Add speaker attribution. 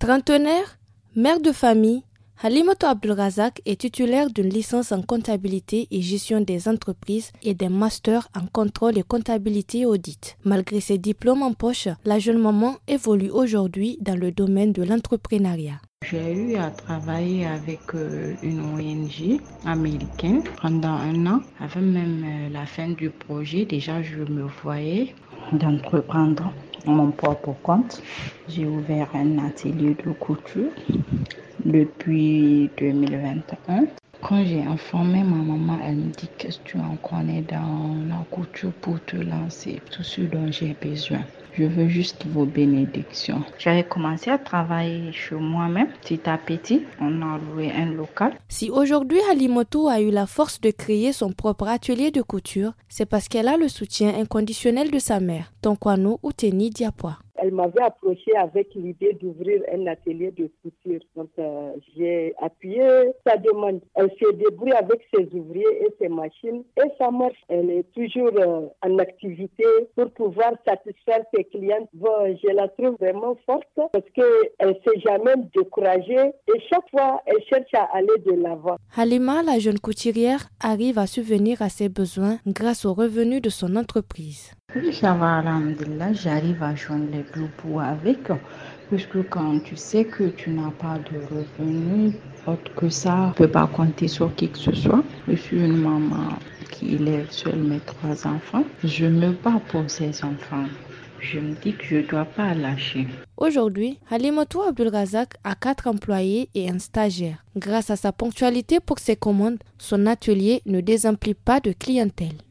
Speaker 1: Trentenaire, mère de famille, Halimoto Abdulrazak est titulaire d'une licence en comptabilité et gestion des entreprises et d'un master en contrôle et comptabilité audit. Malgré ses diplômes en poche, la jeune maman évolue aujourd'hui dans le domaine de l'entrepreneuriat.
Speaker 2: J'ai eu à travailler avec euh, une ONG américaine pendant un an. Avant même euh, la fin du projet, déjà je me voyais d'entreprendre mon propre compte. J'ai ouvert un atelier de couture depuis 2021. Quand j'ai informé ma maman, elle me dit qu'est-ce que tu en connais dans la couture pour te lancer, tout ce dont j'ai besoin. Je veux juste vos bénédictions. J'avais commencé à travailler chez moi-même, petit à petit. On a loué un local. Si
Speaker 1: aujourd'hui Halimoto a eu la force de créer son propre atelier de couture, c'est parce qu'elle a le soutien inconditionnel de sa mère, Tonkwano Uteni Diapois
Speaker 3: elle m'avait approché avec l'idée d'ouvrir un atelier de couture. Euh, j'ai appuyé sa demande. Elle se débrouille avec ses ouvriers et ses machines et ça marche. Elle est toujours euh, en activité pour pouvoir satisfaire ses clients. je la trouve vraiment forte parce qu'elle ne s'est jamais découragée et chaque fois, elle cherche à aller de l'avant.
Speaker 1: Halima, la jeune couturière, arrive à subvenir à ses besoins grâce aux revenus de son entreprise.
Speaker 3: Oui,
Speaker 2: ça va, Alhamdulillah, j'arrive à joindre les deux bouts avec, puisque quand tu sais que tu n'as pas de revenus, autre que ça, tu ne peux pas compter sur qui que ce soit. Je suis une maman qui élève seule mes trois enfants. Je me bats pour ces enfants. Je me dis que je ne dois pas lâcher.
Speaker 1: Aujourd'hui, abdul Razak a quatre employés et un stagiaire. Grâce à sa ponctualité pour ses commandes, son atelier ne désemplit pas de clientèle.